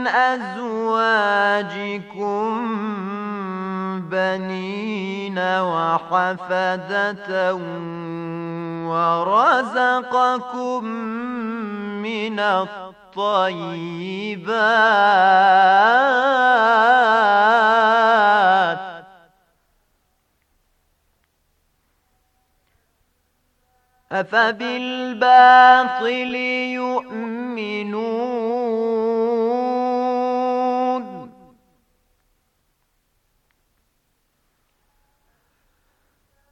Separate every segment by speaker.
Speaker 1: من أزواجكم بنين وحفدة ورزقكم من الطيبات أفبالباطل يؤمنون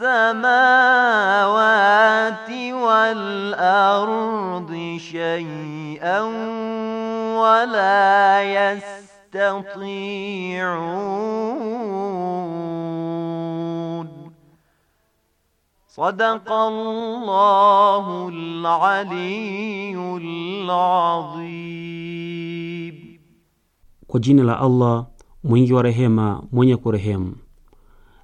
Speaker 1: السماوات والأرض شيئا ولا يستطيعون صدق الله العلي العظيم
Speaker 2: kwa jina la Allah mwingi wa rehema mwenye kurehemu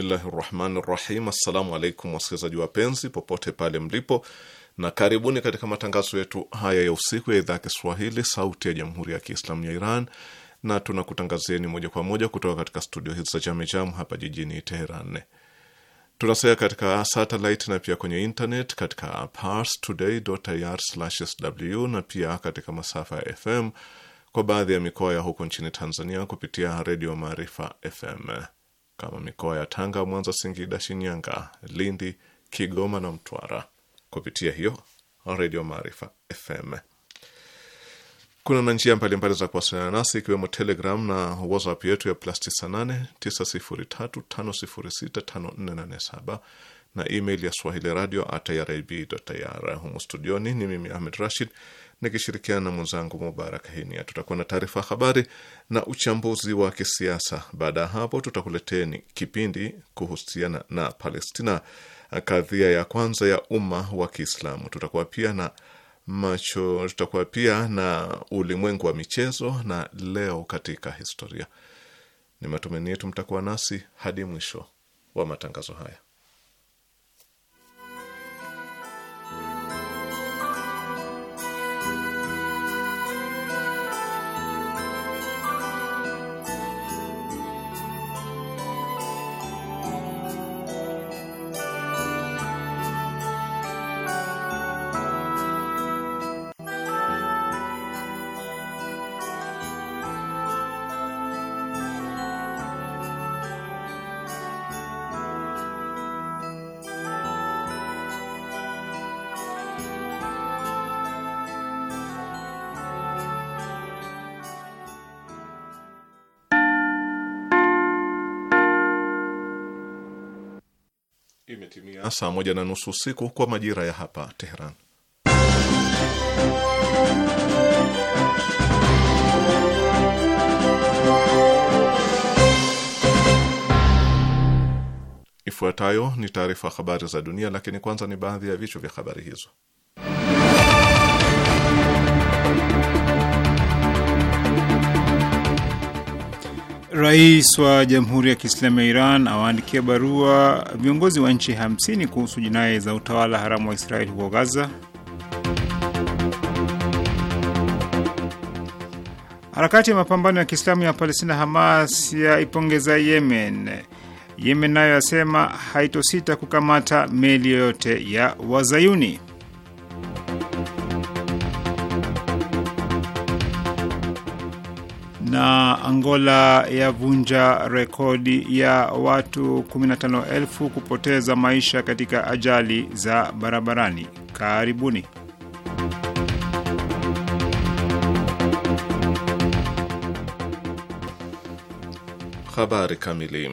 Speaker 3: Bismillahi rahmani rahim. Assalamu alaikum wasikilizaji wapenzi popote pale mlipo, na karibuni katika matangazo yetu haya ya usiku ya idhaa ya Kiswahili sauti ya jamhuri ya Kiislamu ya Iran, na tunakutangazieni moja kwa moja kutoka katika studio hizi za Jamejam hapa jijini Teheran. Tunasea katika satelit na pia kwenye internet katika parstoday.ir/sw na pia katika masafa ya FM kwa baadhi ya mikoa ya huko nchini Tanzania kupitia redio Maarifa FM kama mikoa ya Tanga, Mwanza, Singida, Shinyanga, Lindi, Kigoma na Mtwara kupitia hiyo Redio Maarifa FM. Kuna na njia mbalimbali za kuwasiliana nasi ikiwemo Telegram na WhatsApp yetu ya plus 98 na email ya swahili radio at irib.ir. Humu studioni ni mimi Ahmed Rashid nikishirikiana na mwenzangu Mubarak Hinia. Tutakuwa na taarifa habari na uchambuzi wa kisiasa. Baada ya hapo, tutakuleteni kipindi kuhusiana na Palestina, kadhia ya kwanza ya umma wa Kiislamu. Tutakuwa pia na macho, tutakuwa pia na ulimwengu wa michezo na leo katika historia. Ni matumaini yetu mtakuwa nasi hadi mwisho wa matangazo haya. saa moja na nusu usiku kwa majira ya hapa Teheran. Ifuatayo ni taarifa habari za dunia, lakini kwanza ni baadhi ya vichwa vya habari hizo.
Speaker 4: Rais wa Jamhuri ya Kiislamu ya Iran awaandikia barua viongozi wa nchi 50 kuhusu jinai za utawala haramu wa Israeli huko Gaza. Harakati ya mapambano ya Kiislamu ya Palestina Hamas yaipongeza Yemen. Yemen nayo yasema haitosita kukamata meli yoyote ya Wazayuni. na Angola yavunja rekodi ya watu 15,000 kupoteza maisha katika ajali za barabarani. Karibuni.
Speaker 3: Habari kamili.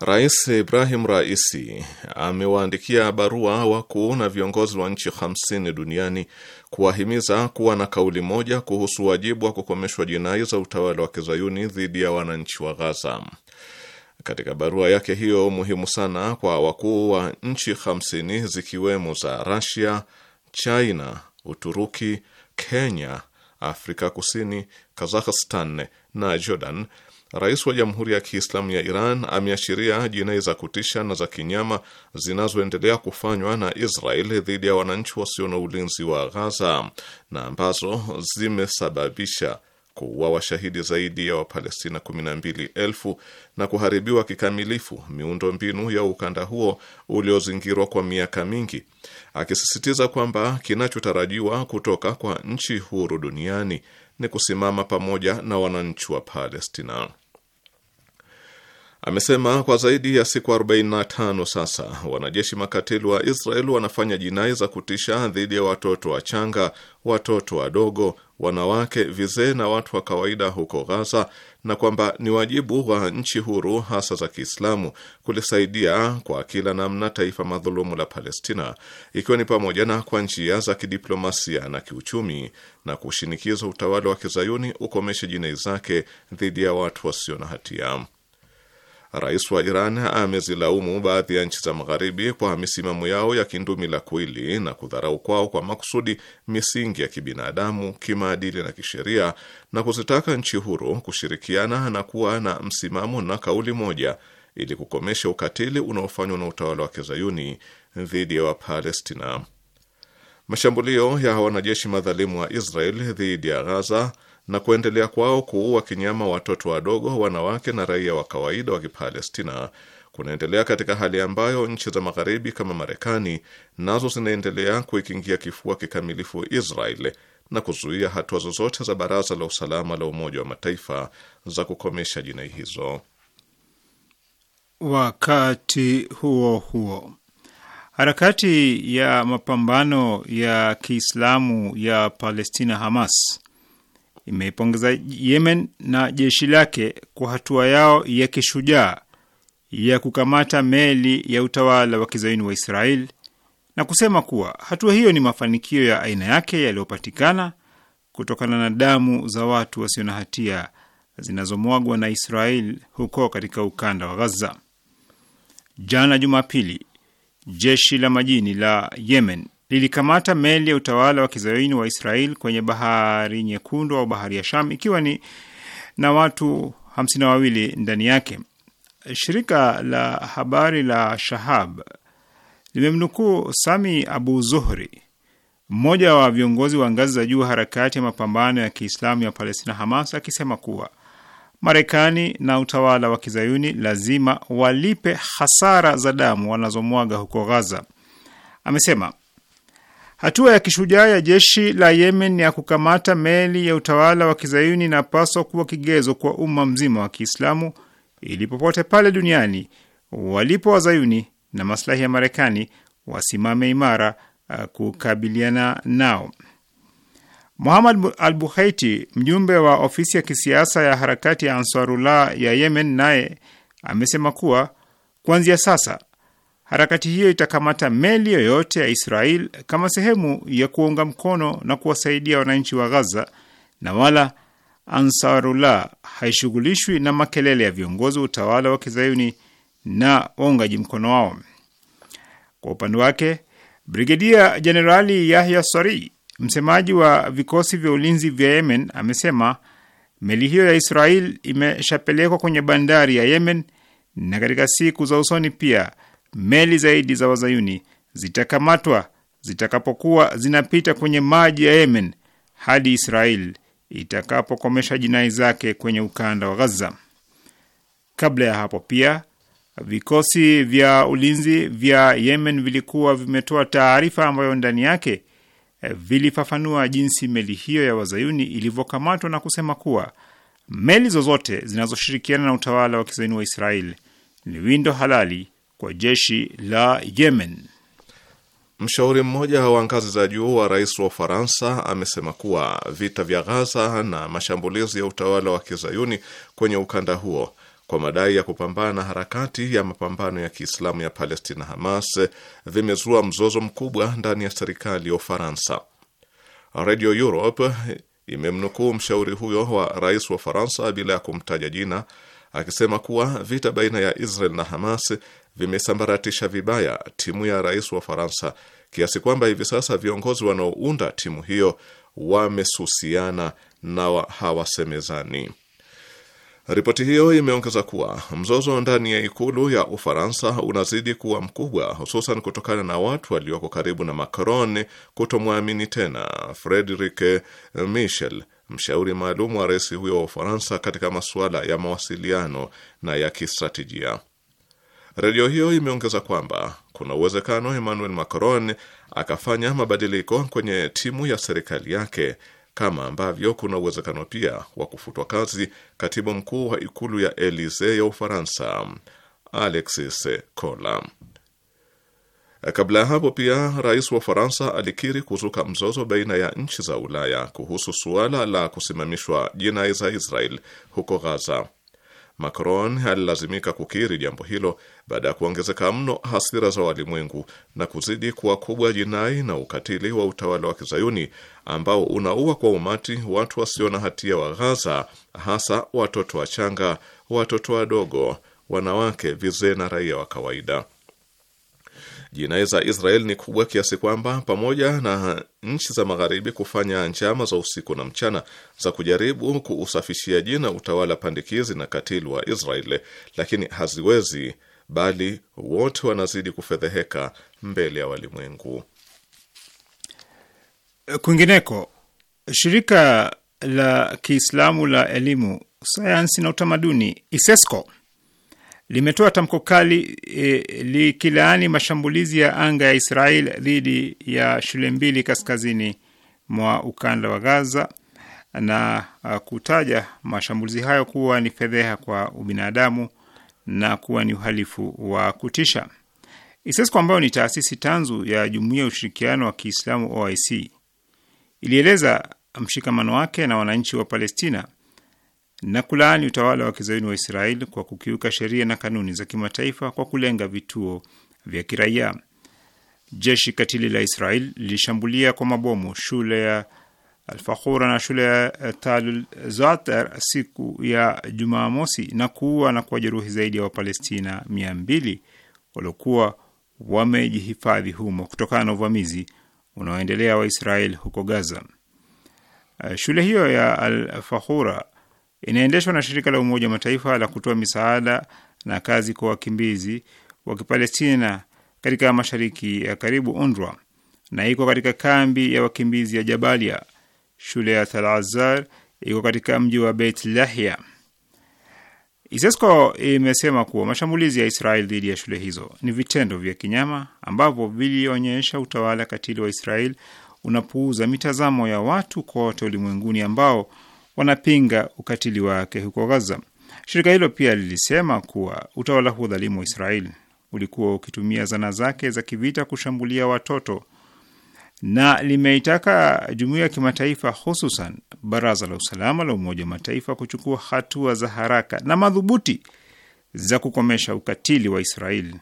Speaker 3: Rais Ibrahim Raisi amewaandikia barua wakuu na viongozi wa nchi 50 duniani kuwahimiza kuwa na kauli moja kuhusu wajibu wa kukomeshwa jinai za utawala wa kizayuni dhidi ya wananchi wa Ghaza. Katika barua yake hiyo muhimu sana kwa wakuu wa nchi 50 zikiwemo za Russia, China, Uturuki, Kenya, Afrika Kusini, Kazakhstan na Jordan Rais wa Jamhuri ya Kiislamu ya Iran ameashiria jinai za kutisha na za kinyama zinazoendelea kufanywa na Israel dhidi ya wananchi wasio na ulinzi wa Ghaza na ambazo zimesababisha kuua washahidi zaidi ya Wapalestina 12,000 na kuharibiwa kikamilifu miundo mbinu ya ukanda huo uliozingirwa kwa miaka mingi, akisisitiza kwamba kinachotarajiwa kutoka kwa nchi huru duniani ni kusimama pamoja na wananchi wa Palestina. Amesema kwa zaidi ya siku 45 sasa wanajeshi makatili wa Israel wanafanya jinai za kutisha dhidi ya watoto wachanga, watoto wadogo, wanawake, vizee na watu wa kawaida huko Gaza, na kwamba ni wajibu wa nchi huru hasa za Kiislamu kulisaidia kwa kila namna taifa madhulumu la Palestina, ikiwa ni pamoja na kwa njia za kidiplomasia na kiuchumi, na kushinikiza utawala wa kizayuni ukomeshe jinai zake dhidi ya watu wasio na hatia. Rais wa Iran amezilaumu baadhi ya nchi za Magharibi kwa misimamo yao ya kindumila kuili na kudharau kwao kwa makusudi misingi ya kibinadamu, kimaadili na kisheria, na kuzitaka nchi huru kushirikiana na kuwa na msimamo na kauli moja ili kukomesha ukatili unaofanywa na utawala wa kizayuni dhidi ya Wapalestina. Mashambulio ya wanajeshi madhalimu wa Israel dhidi ya Ghaza na kuendelea kwao kuua kinyama watoto wadogo, wanawake na raia wa kawaida wa Kipalestina kunaendelea katika hali ambayo nchi za magharibi kama Marekani nazo zinaendelea kuikingia kifua kikamilifu Israel na kuzuia hatua zozote za Baraza la Usalama la Umoja wa Mataifa za kukomesha jinai hizo.
Speaker 4: Wakati huo huo, harakati ya mapambano ya Kiislamu ya Palestina Hamas imeipongeza Yemen na jeshi lake kwa hatua yao ya kishujaa ya kukamata meli ya utawala wa kizaini wa Israel na kusema kuwa hatua hiyo ni mafanikio ya aina yake yaliyopatikana kutokana na damu za watu wasio na hatia zinazomwagwa na Israel huko katika ukanda wa Gaza. Jana Jumapili, jeshi la majini la Yemen lilikamata meli ya utawala wa kizayuni wa Israel kwenye bahari nyekundu au bahari ya Sham ikiwa ni na watu hamsini na wawili ndani yake. Shirika la habari la Shahab limemnukuu Sami Abu Zuhri, mmoja wa viongozi wa ngazi za juu harakati ya mapambano ya Kiislamu ya Palestina, Hamas, akisema kuwa Marekani na utawala wa kizayuni lazima walipe hasara za damu wanazomwaga huko Gaza. Amesema Hatua ya kishujaa ya jeshi la Yemen ya kukamata meli ya utawala wa kizayuni inapaswa kuwa kigezo kwa umma mzima wa Kiislamu ili popote pale duniani walipo wazayuni na maslahi ya Marekani wasimame imara uh, kukabiliana nao. Muhamad al Buhaiti, mjumbe wa ofisi ya kisiasa ya harakati ya Ansarullah ya Yemen, naye amesema kuwa kuanzia sasa Harakati hiyo itakamata meli yoyote ya Israel kama sehemu ya kuunga mkono na kuwasaidia wananchi wa Gaza, na wala Ansarullah haishughulishwi na makelele ya viongozi wa utawala wa kizayuni na waungaji mkono wao. Kwa upande wake, Brigedia Jenerali Yahya Sari, msemaji wa vikosi vya ulinzi vya Yemen, amesema meli hiyo ya Israel imeshapelekwa kwenye bandari ya Yemen na katika siku za usoni pia meli zaidi za wazayuni zitakamatwa zitakapokuwa zinapita kwenye maji ya Yemen hadi Israel itakapokomesha jinai zake kwenye ukanda wa Gaza. Kabla ya hapo pia vikosi vya ulinzi vya Yemen vilikuwa vimetoa taarifa ambayo ndani yake eh, vilifafanua jinsi meli hiyo ya wazayuni ilivyokamatwa na kusema kuwa meli zozote zinazoshirikiana na utawala wa kizaini wa Israel
Speaker 3: ni windo halali kwa jeshi la Yemen. Mshauri mmoja wa ngazi za juu wa rais wa Ufaransa amesema kuwa vita vya Ghaza na mashambulizi ya utawala wa kizayuni kwenye ukanda huo kwa madai ya kupambana na harakati ya mapambano ya Kiislamu ya Palestina, Hamas, vimezua mzozo mkubwa ndani ya serikali ya Ufaransa. Radio Europe imemnukuu mshauri huyo wa rais wa Ufaransa bila ya kumtaja jina akisema kuwa vita baina ya Israel na Hamas vimesambaratisha vibaya timu ya rais wa Faransa kiasi kwamba hivi sasa viongozi wanaounda timu hiyo wamesusiana na wa hawasemezani. Ripoti hiyo imeongeza kuwa mzozo ndani ya ikulu ya Ufaransa unazidi kuwa mkubwa, hususan kutokana na watu walioko karibu na Macron kutomwamini tena Frederic Michel, mshauri maalum wa rais huyo wa Ufaransa katika masuala ya mawasiliano na ya kistratejia. Redio hiyo imeongeza kwamba kuna uwezekano Emmanuel Macron akafanya mabadiliko kwenye timu ya serikali yake kama ambavyo kuna uwezekano pia wa kufutwa kazi katibu mkuu wa ikulu ya Elisee ya Ufaransa Alexis Cola. Kabla ya hapo pia rais wa Ufaransa alikiri kuzuka mzozo baina ya nchi za Ulaya kuhusu suala la kusimamishwa jinai za Israel huko Gaza. Macron alilazimika kukiri jambo hilo baada ya kuongezeka mno hasira za walimwengu na kuzidi kuwa kubwa jinai na ukatili wa utawala wa kizayuni ambao unaua kwa umati watu wasio na hatia wa Ghaza, hasa watoto wachanga, watoto wadogo, wanawake, vizee na raia wa kawaida. Jinai za Israel ni kubwa kiasi kwamba pamoja na nchi za magharibi kufanya njama za usiku na mchana za kujaribu kuusafishia jina utawala pandikizi na katili wa Israel, lakini haziwezi, bali wote wanazidi kufedheheka mbele ya walimwengu.
Speaker 4: Kwingineko, shirika la Kiislamu la elimu, sayansi na utamaduni ISESCO limetoa tamko kali e, likilaani mashambulizi ya anga ya Israel dhidi ya shule mbili kaskazini mwa ukanda wa Gaza na a, kutaja mashambulizi hayo kuwa ni fedheha kwa ubinadamu na kuwa ni uhalifu wa kutisha. ISESCO ambayo ni taasisi tanzu ya Jumuiya ya Ushirikiano wa Kiislamu OIC ilieleza mshikamano wake na wananchi wa Palestina na kulaani utawala wa kizayuni wa Israeli kwa kukiuka sheria na kanuni za kimataifa kwa kulenga vituo vya kiraia. Jeshi katili la Israel lilishambulia kwa mabomu shule ya Alfahura na shule ya Talul Zatar siku ya Jumamosi na kuua na kuwajeruhi zaidi ya Wapalestina mia mbili waliokuwa wamejihifadhi humo kutokana na uvamizi unaoendelea wa Israel huko Gaza. Eh, shule hiyo ya Alfahura inaendeshwa na shirika la Umoja wa Mataifa la kutoa misaada na kazi kwa wakimbizi wa Kipalestina katika mashariki ya karibu, UNRWA, na iko katika kambi ya wakimbizi ya Jabalia. Shule ya talazar iko katika mji wa Beit Lahia. ISESCO imesema kuwa mashambulizi ya Israel dhidi ya shule hizo ni vitendo vya kinyama ambavyo vilionyesha utawala katili wa Israel unapuuza mitazamo ya watu kote ulimwenguni ambao wanapinga ukatili wake huko Gaza. Shirika hilo pia lilisema kuwa utawala huo dhalimu wa israel ulikuwa ukitumia zana zake za kivita kushambulia watoto na limeitaka jumuiya ya kimataifa hususan Baraza la Usalama la Umoja wa Mataifa kuchukua hatua za haraka na madhubuti za kukomesha ukatili wa Israeli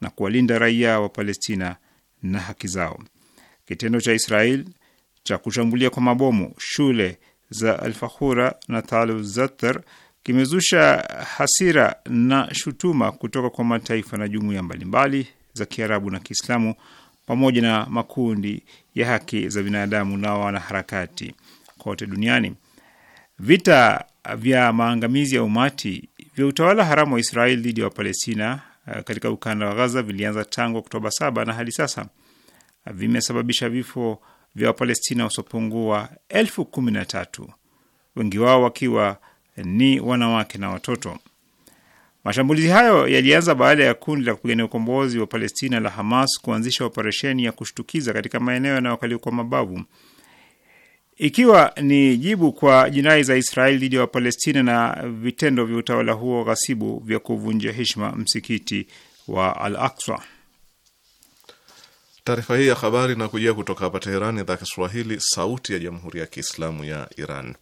Speaker 4: na kuwalinda raia wa Palestina na haki zao. Kitendo cha Israeli cha kushambulia kwa mabomu shule za Alfahura na Zatar kimezusha hasira na shutuma kutoka kwa mataifa na jumuiya mbalimbali za Kiarabu na Kiislamu pamoja na makundi ya haki za binadamu na wanaharakati kote duniani. Vita vya maangamizi ya umati vya utawala haramu wa Israeli dhidi ya Wapalestina eh, katika ukanda wa Gaza vilianza tangu Oktoba saba na hadi sasa vimesababisha vifo vya Wapalestina wasiopungua elfu kumi na tatu, wengi wao wakiwa ni wanawake na watoto. Mashambulizi hayo yalianza baada ya kundi la kupigania ukombozi wa Palestina la Hamas kuanzisha operesheni ya kushtukiza katika maeneo yanayokaliwa kwa mabavu ikiwa ni jibu kwa jinai za Israeli dhidi ya Wapalestina na vitendo vya utawala huo ghasibu vya kuvunja heshima msikiti
Speaker 3: wa Al Aqsa. Taarifa hii ya habari inakujia kutoka hapa Teherani, idhaa Kiswahili, sauti ya jamhuri ya kiislamu ya Iran.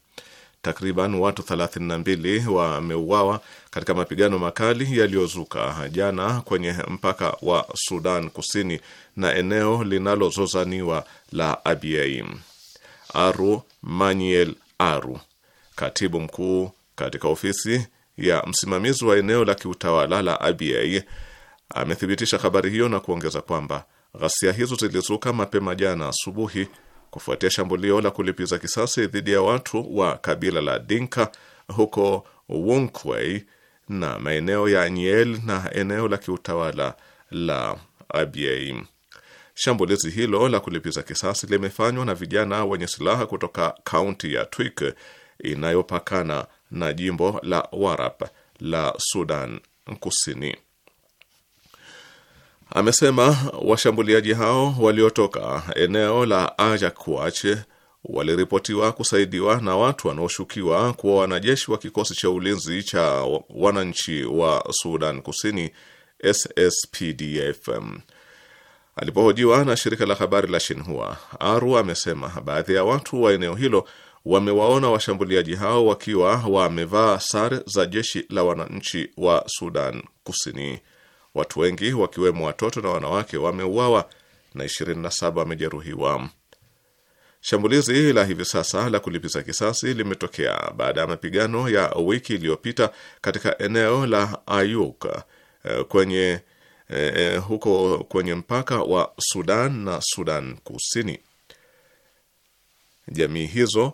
Speaker 3: Takriban watu 32 wameuawa katika mapigano makali yaliyozuka jana kwenye mpaka wa Sudan Kusini na eneo linalozozaniwa la Abyei. Aru Manuel Aru, katibu mkuu katika ofisi ya msimamizi wa eneo la kiutawala la Abyei, amethibitisha habari hiyo na kuongeza kwamba Ghasia hizo zilizuka mapema jana asubuhi kufuatia shambulio la kulipiza kisasi dhidi ya watu wa kabila la Dinka huko wunkwey na maeneo ya Nyel na eneo la kiutawala la Abyei. Shambulizi hilo la kulipiza kisasi limefanywa na vijana wenye silaha kutoka kaunti ya Twik inayopakana na jimbo la Warap la Sudan Kusini. Amesema washambuliaji hao waliotoka eneo la Ajakuach waliripotiwa kusaidiwa na watu wanaoshukiwa kuwa wanajeshi wa kikosi cha ulinzi cha wananchi wa Sudan Kusini SSPDF. Alipohojiwa na shirika la habari la Shinhua, Aru amesema baadhi ya watu wa eneo hilo wamewaona washambuliaji hao wakiwa wamevaa sare za jeshi la wananchi wa Sudan Kusini. Watu wengi wakiwemo watoto na wanawake wameuawa na 27 wamejeruhiwa. Shambulizi la hivi sasa la kulipiza kisasi limetokea baada ya mapigano ya wiki iliyopita katika eneo la Ayuk eh, kwenye eh, eh, huko kwenye mpaka wa Sudan na Sudan Kusini. Jamii hizo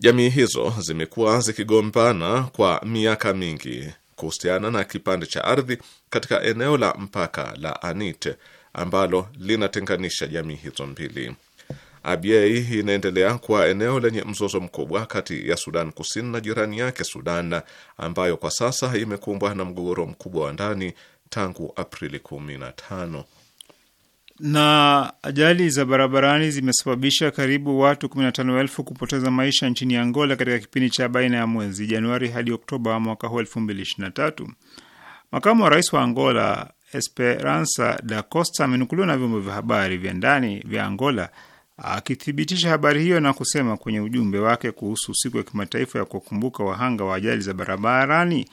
Speaker 3: jamii hizo zimekuwa zikigombana kwa miaka mingi kuhusiana na kipande cha ardhi katika eneo la mpaka la Anite ambalo linatenganisha jamii hizo mbili. Abyei inaendelea kuwa eneo lenye mzozo mkubwa kati ya Sudan Kusini na jirani yake Sudan, ambayo kwa sasa imekumbwa na mgogoro mkubwa wa ndani tangu Aprili 15
Speaker 4: na ajali za barabarani zimesababisha karibu watu 15,000 kupoteza maisha nchini Angola katika kipindi cha baina ya mwezi Januari hadi Oktoba mwaka huu 2023. Makamu wa rais wa Angola Esperanza da Costa amenukuliwa na vyombo vya habari vya ndani vya Angola akithibitisha habari hiyo na kusema kwenye ujumbe wake kuhusu siku ya kimataifa ya kuwakumbuka wahanga wa ajali za barabarani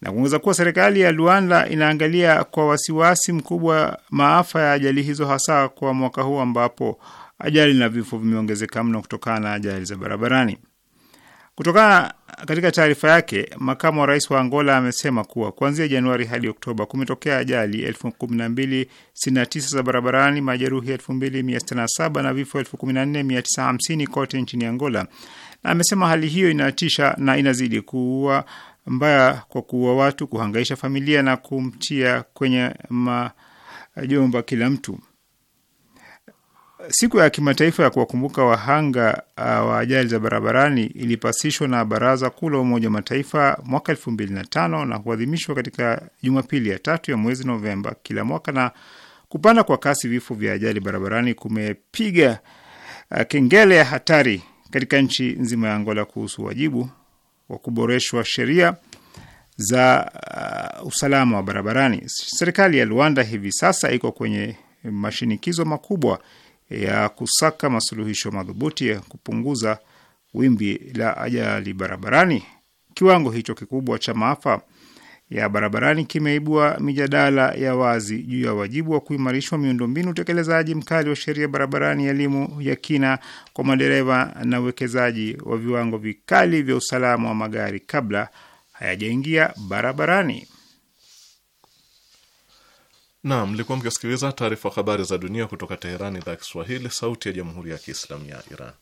Speaker 4: na kuongeza kuwa serikali ya Luanda inaangalia kwa wasiwasi mkubwa maafa ya ajali hizo, hasa kwa mwaka huu ambapo ajali na vifo vimeongezeka mno kutokana na ajali za barabarani. Kutokana katika taarifa yake, makamu wa rais wa Angola amesema kuwa kuanzia Januari hadi Oktoba kumetokea ajali elfu za barabarani, majeruhi elfu na vifo elfu kote nchini Angola, na amesema hali hiyo inatisha na inazidi kuua mbaya kwa kuua watu, kuhangaisha familia na kumtia kwenye majomba kila mtu. Siku ya kimataifa ya kuwakumbuka wahanga uh, wa ajali za barabarani ilipasishwa na Baraza Kuu la Umoja wa Mataifa mwaka elfu mbili na tano na kuadhimishwa katika Jumapili ya tatu ya mwezi Novemba kila mwaka. Na kupanda kwa kasi vifo vya ajali barabarani kumepiga uh, kengele ya hatari katika nchi nzima ya Angola kuhusu wajibu wa kuboreshwa sheria za uh, usalama wa barabarani. Serikali ya Rwanda hivi sasa iko kwenye mashinikizo makubwa ya kusaka masuluhisho madhubuti ya kupunguza wimbi la ajali barabarani. Kiwango hicho kikubwa cha maafa ya barabarani kimeibua mijadala ya wazi juu ya wajibu wa kuimarishwa miundombinu, utekelezaji mkali wa sheria barabarani, elimu ya kina kwa madereva na uwekezaji wa viwango vikali vya usalama wa magari kabla hayajaingia barabarani.
Speaker 3: Naam, mlikuwa mkisikiliza taarifa habari za dunia kutoka Teherani, idhaa ya Kiswahili, sauti ya jamhuri ya kiislamu ya Iran.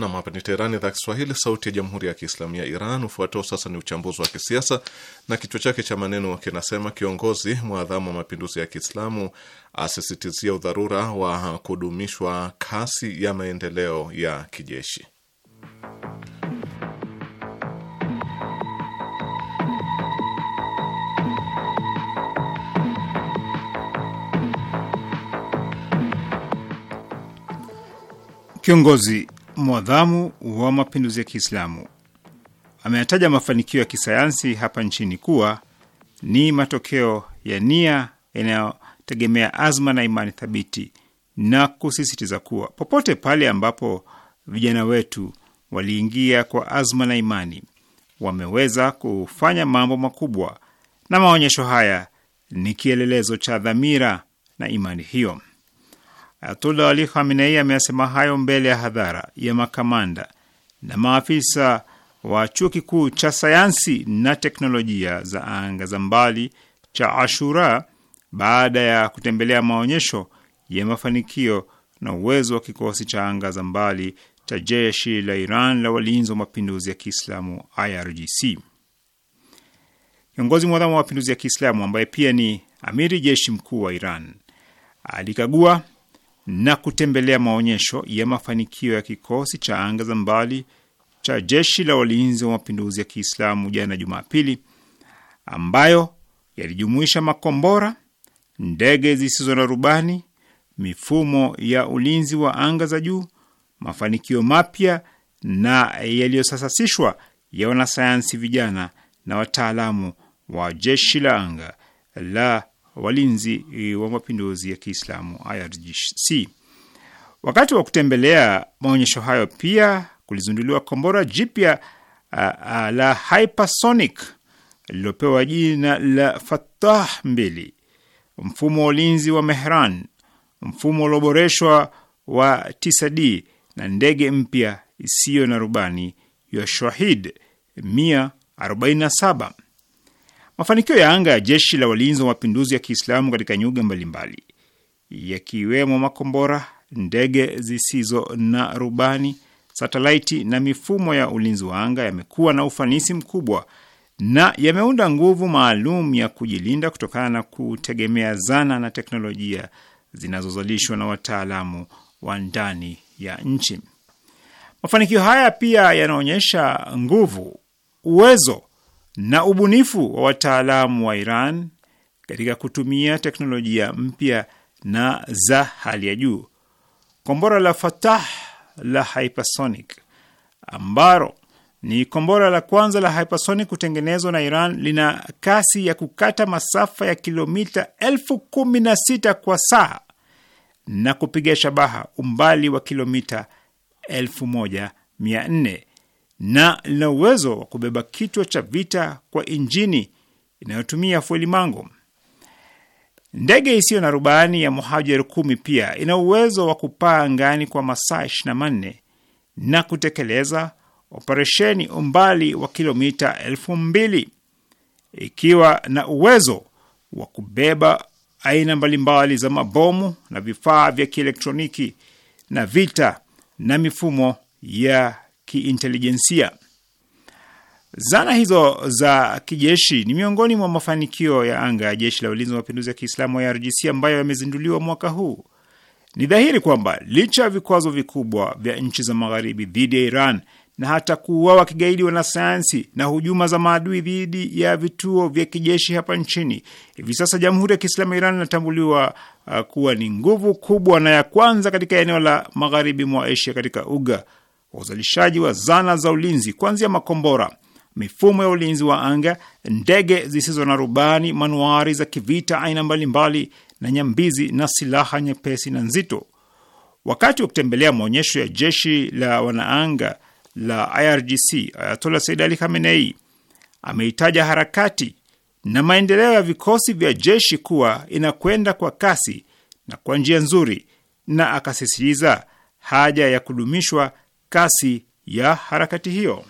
Speaker 3: Nam, hapa ni Teherani, idhaa Kiswahili, sauti ya jamhuri ya kiislamu ya Iran. Ufuatao sasa ni uchambuzi wa kisiasa na kichwa chake cha maneno kinasema: kiongozi mwadhamu wa mapinduzi ya Kiislamu asisitizia udharura wa kudumishwa kasi ya maendeleo ya kijeshi.
Speaker 4: Kiongozi mwadhamu wa mapinduzi ya Kiislamu ameyataja mafanikio ya kisayansi hapa nchini kuwa ni matokeo ya nia inayotegemea azma na imani thabiti, na kusisitiza kuwa popote pale ambapo vijana wetu waliingia kwa azma na imani, wameweza kufanya mambo makubwa, na maonyesho haya ni kielelezo cha dhamira na imani hiyo. Ayatullah Ali Khamenei ameyasema hayo mbele ya hadhara ya makamanda na maafisa wa chuo kikuu cha sayansi na teknolojia za anga za mbali cha Ashura baada ya kutembelea maonyesho ya mafanikio na uwezo wa kikosi cha anga za mbali cha jeshi la Iran la walinzi wa mapinduzi ya Kiislamu IRGC. Kiongozi mwadhamu wa mapinduzi ya Kiislamu ambaye pia ni amiri jeshi mkuu wa Iran alikagua na kutembelea maonyesho ya mafanikio ya kikosi cha anga za mbali cha jeshi la walinzi wa mapinduzi ya Kiislamu jana Jumapili, ambayo yalijumuisha makombora, ndege zisizo na rubani, mifumo ya ulinzi wa anga za juu, mafanikio mapya na yaliyosasasishwa ya wanasayansi vijana na wataalamu wa jeshi la anga la walinzi e, wa mapinduzi ya Kiislamu IRGC. Wakati wa kutembelea maonyesho hayo pia kulizunduliwa kombora jipya la hypersonic lililopewa jina la Fatah mbili, mfumo wa ulinzi wa Mehran, mfumo ulioboreshwa wa 9D na ndege mpya isiyo na rubani ya Shahid 147. Mafanikio ya anga ya jeshi la walinzi wa mapinduzi ya Kiislamu katika nyuga mbalimbali yakiwemo makombora, ndege zisizo na rubani, satelaiti na mifumo ya ulinzi wa anga yamekuwa na ufanisi mkubwa na yameunda nguvu maalum ya kujilinda kutokana na kutegemea zana na teknolojia zinazozalishwa na wataalamu wa ndani ya nchi. Mafanikio haya pia yanaonyesha nguvu, uwezo na ubunifu wa wataalamu wa Iran katika kutumia teknolojia mpya na za hali ya juu. Kombora la Fatah la hypersonic ambalo ni kombora la kwanza la hypersonic kutengenezwa na Iran lina kasi ya kukata masafa ya kilomita elfu kumi na sita kwa saa na kupiga shabaha umbali wa kilomita elfu moja mia nne na lina uwezo wa kubeba kichwa cha vita kwa injini inayotumia fueli mango. Ndege isiyo na rubani ya Muhajir kumi pia ina uwezo wa kupaa angani kwa masaa manne na kutekeleza operesheni umbali wa kilomita elfu mbili ikiwa na uwezo wa kubeba aina mbalimbali za mabomu na vifaa vya kielektroniki na vita na mifumo ya kiintelijensia. Zana hizo za kijeshi ni miongoni mwa mafanikio ya anga ya jeshi la ulinzi wa mapinduzi ya Kiislamu ya IRGC ambayo yamezinduliwa mwaka huu. Ni dhahiri kwamba licha ya vikwazo vikubwa vya nchi za magharibi dhidi ya Iran na hata kuuawa kigaidi wanasayansi na hujuma za maadui dhidi ya vituo vya kijeshi hapa nchini, hivi sasa Jamhuri ya Kiislamu ya Iran inatambuliwa uh, kuwa ni nguvu kubwa na ya kwanza katika eneo la magharibi mwa Asia katika uga kwa uzalishaji wa zana za ulinzi kuanzia makombora, mifumo ya ulinzi wa anga, ndege zisizo na rubani, manuari za kivita aina mbalimbali na nyambizi na silaha nyepesi na nzito. Wakati wa kutembelea maonyesho ya jeshi la wanaanga la IRGC, Ayatollah Said Ali Khamenei ameitaja harakati na maendeleo ya vikosi vya jeshi kuwa inakwenda kwa kasi na kwa njia nzuri, na akasisitiza haja ya kudumishwa kasi ya harakati hiyo.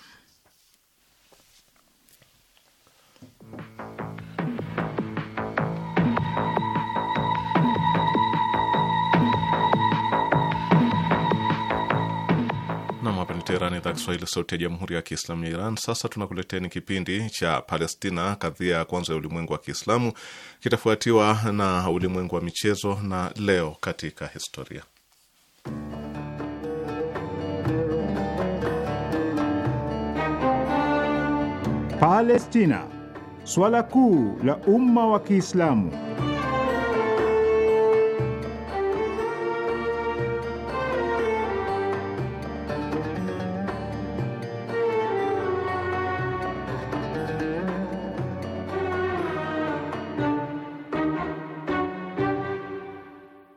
Speaker 3: Teherani, idhaa Kiswahili, sauti ya jamhuri ya kiislamu ya Iran. Sasa tunakuleteni kipindi cha Palestina, kadhia ya kwanza ya ulimwengu wa Kiislamu, kitafuatiwa na ulimwengu wa michezo na leo katika historia.
Speaker 4: Palestina, swala kuu la umma wa Kiislamu.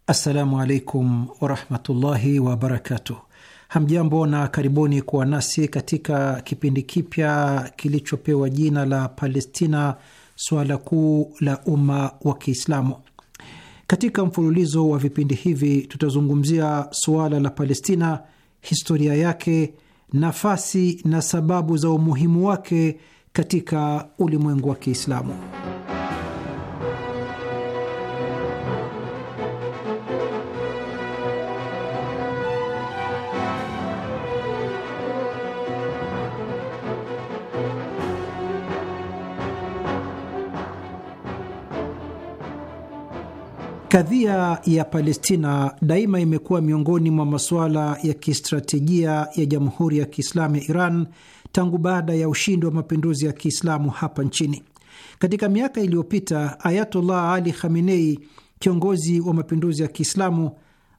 Speaker 5: Assalamu alaikum warahmatullahi wabarakatuh. Hamjambo na karibuni kuwa nasi katika kipindi kipya kilichopewa jina la Palestina, suala kuu la umma wa Kiislamu. Katika mfululizo wa vipindi hivi tutazungumzia suala la Palestina, historia yake, nafasi na sababu za umuhimu wake katika ulimwengu wa Kiislamu. Kadhia ya Palestina daima imekuwa miongoni mwa masuala ya kistratejia ya Jamhuri ya Kiislamu ya Iran tangu baada ya ushindi wa mapinduzi ya Kiislamu hapa nchini. Katika miaka iliyopita, Ayatullah Ali Khamenei, kiongozi wa mapinduzi ya Kiislamu,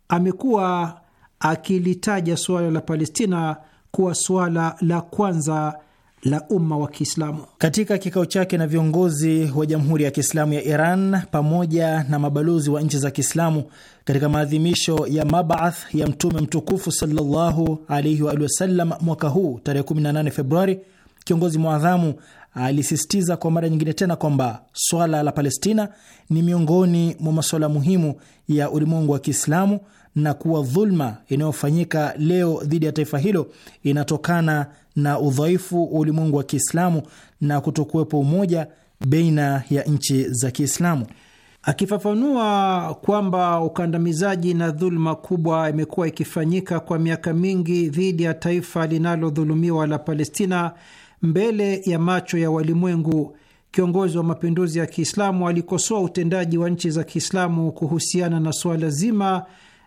Speaker 5: amekuwa akilitaja suala la Palestina kuwa suala la kwanza la umma wa Kiislamu. Katika kikao chake na viongozi wa Jamhuri ya Kiislamu ya
Speaker 2: Iran pamoja na mabalozi wa nchi za Kiislamu katika maadhimisho ya mabaath ya Mtume mtukufu sallallahu alaihi wa alihi wasallam mwaka huu tarehe 18 Februari, kiongozi mwadhamu alisisitiza kwa mara nyingine tena kwamba swala la Palestina ni miongoni mwa masuala muhimu ya ulimwengu wa Kiislamu na kuwa dhulma inayofanyika leo dhidi ya taifa hilo inatokana na udhaifu wa ulimwengu wa Kiislamu na kutokuwepo umoja baina ya nchi za Kiislamu.
Speaker 5: Akifafanua kwamba ukandamizaji na dhuluma kubwa imekuwa ikifanyika kwa miaka mingi dhidi ya taifa linalodhulumiwa la Palestina mbele ya macho ya walimwengu, kiongozi wa mapinduzi ya Kiislamu alikosoa utendaji wa nchi za Kiislamu kuhusiana na suala zima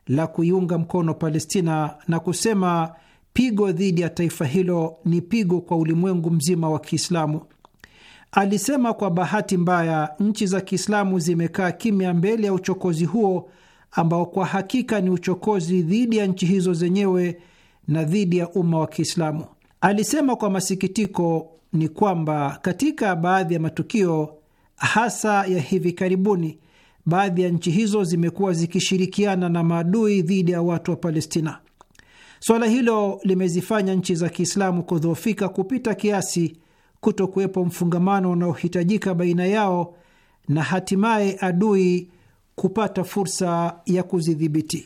Speaker 5: la kuiunga mkono Palestina na kusema pigo dhidi ya taifa hilo ni pigo kwa ulimwengu mzima wa Kiislamu. Alisema kwa bahati mbaya, nchi za Kiislamu zimekaa kimya mbele ya uchokozi huo ambao kwa hakika ni uchokozi dhidi ya nchi hizo zenyewe na dhidi ya umma wa Kiislamu. Alisema kwa masikitiko ni kwamba katika baadhi ya matukio hasa ya hivi karibuni baadhi ya nchi hizo zimekuwa zikishirikiana na maadui dhidi ya watu wa Palestina. Swala hilo limezifanya nchi za Kiislamu kudhoofika kupita kiasi, kuto kuwepo mfungamano unaohitajika baina yao na hatimaye adui kupata fursa ya kuzidhibiti.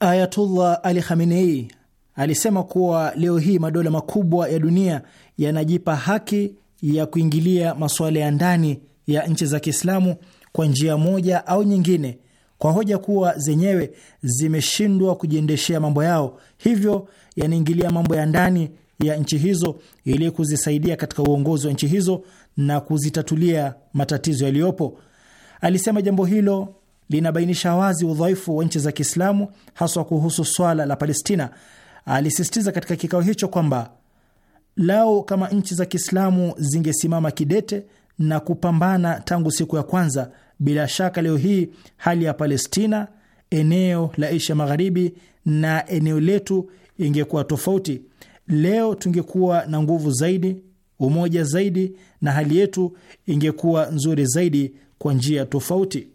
Speaker 2: Ayatullah Ali Khamenei alisema kuwa leo hii madola makubwa ya dunia yanajipa haki ya kuingilia masuala ya ndani ya nchi za Kiislamu kwa njia moja au nyingine, kwa hoja kuwa zenyewe zimeshindwa kujiendeshea mambo yao, hivyo yanaingilia mambo ya ndani ya nchi hizo ili kuzisaidia katika uongozi wa nchi hizo na kuzitatulia matatizo yaliyopo. Alisema jambo hilo linabainisha wazi udhaifu wa nchi za Kiislamu haswa kuhusu swala la Palestina. Alisisitiza katika kikao hicho kwamba lao kama nchi za Kiislamu zingesimama kidete na kupambana tangu siku ya kwanza, bila shaka leo hii hali ya Palestina, eneo la Asia Magharibi na eneo letu ingekuwa tofauti. Leo tungekuwa na nguvu zaidi, umoja zaidi, na hali yetu ingekuwa nzuri zaidi kwa njia
Speaker 5: tofauti.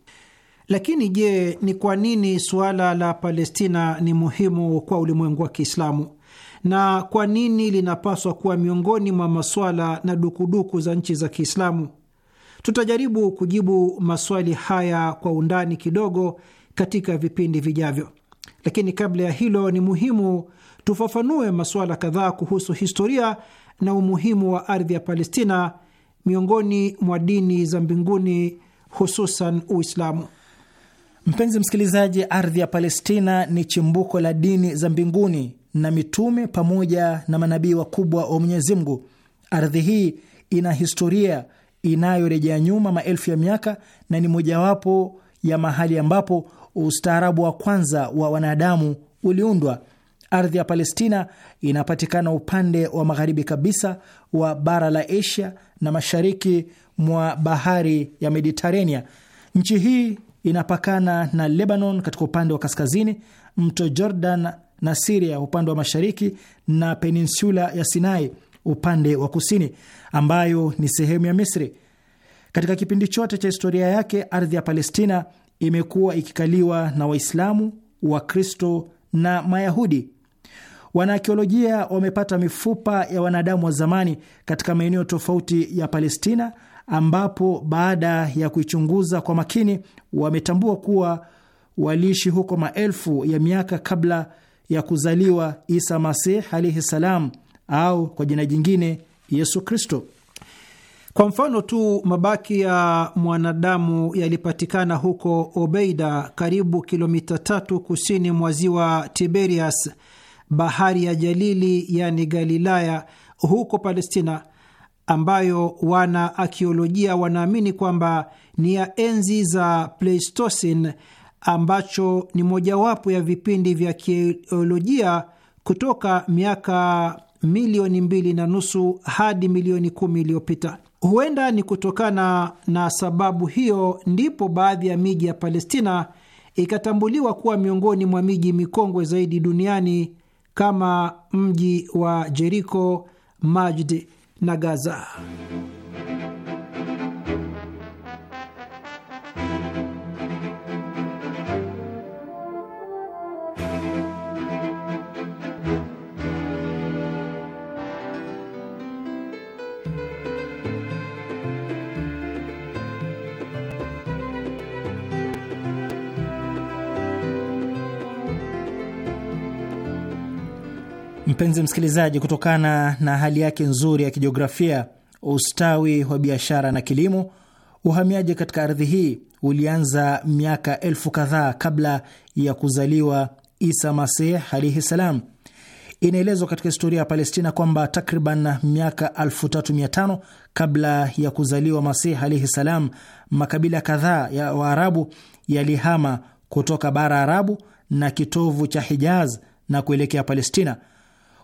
Speaker 5: Lakini je, ni kwa nini suala la Palestina ni muhimu kwa ulimwengu wa Kiislamu na kwa nini linapaswa kuwa miongoni mwa masuala na dukuduku za nchi za Kiislamu? Tutajaribu kujibu maswali haya kwa undani kidogo katika vipindi vijavyo, lakini kabla ya hilo ni muhimu tufafanue masuala kadhaa kuhusu historia na umuhimu wa ardhi ya Palestina miongoni mwa dini za mbinguni, hususan Uislamu. Mpenzi msikilizaji, ardhi ya Palestina ni chimbuko
Speaker 2: la dini za mbinguni na mitume pamoja na manabii wakubwa wa Mwenyezi Mungu. Ardhi hii ina historia inayorejea nyuma maelfu ya miaka na ni mojawapo ya mahali ambapo ustaarabu wa kwanza wa wanadamu uliundwa. Ardhi ya Palestina inapatikana upande wa magharibi kabisa wa bara la Asia na mashariki mwa bahari ya Mediterania. Nchi hii inapakana na Lebanon katika upande wa kaskazini, mto Jordan na Siria upande wa mashariki, na peninsula ya Sinai upande wa kusini, ambayo ni sehemu ya Misri. Katika kipindi chote cha historia yake, ardhi ya Palestina imekuwa ikikaliwa na Waislamu, Wakristo na Mayahudi. Wanaakiolojia wamepata mifupa ya wanadamu wa zamani katika maeneo tofauti ya Palestina, ambapo baada ya kuichunguza kwa makini, wametambua kuwa waliishi huko maelfu ya miaka kabla ya kuzaliwa Isa Masih alaihi salam, au kwa jina jingine
Speaker 5: Yesu Kristo. Kwa mfano tu, mabaki ya mwanadamu yalipatikana huko Obeida, karibu kilomita tatu kusini mwa ziwa Tiberias, bahari ya Jalili yani Galilaya, huko Palestina, ambayo wana akiolojia wanaamini kwamba ni ya enzi za Pleistosin, ambacho ni mojawapo ya vipindi vya kiolojia kutoka miaka milioni mbili na nusu hadi milioni kumi iliyopita. Huenda ni kutokana na sababu hiyo ndipo baadhi ya miji ya Palestina ikatambuliwa kuwa miongoni mwa miji mikongwe zaidi duniani kama mji wa Jeriko, Majd na Gaza.
Speaker 2: mpenzi msikilizaji, kutokana na hali yake nzuri ya kijiografia, ustawi wa biashara na kilimo, uhamiaji katika ardhi hii ulianza miaka elfu kadhaa kabla ya kuzaliwa Isa Masih alaihi salam. Inaelezwa katika historia ya Palestina kwamba takriban miaka 3500 kabla ya kuzaliwa Masih alaihi salam, makabila kadhaa ya Waarabu yalihama kutoka bara Arabu na kitovu cha Hijaz na kuelekea Palestina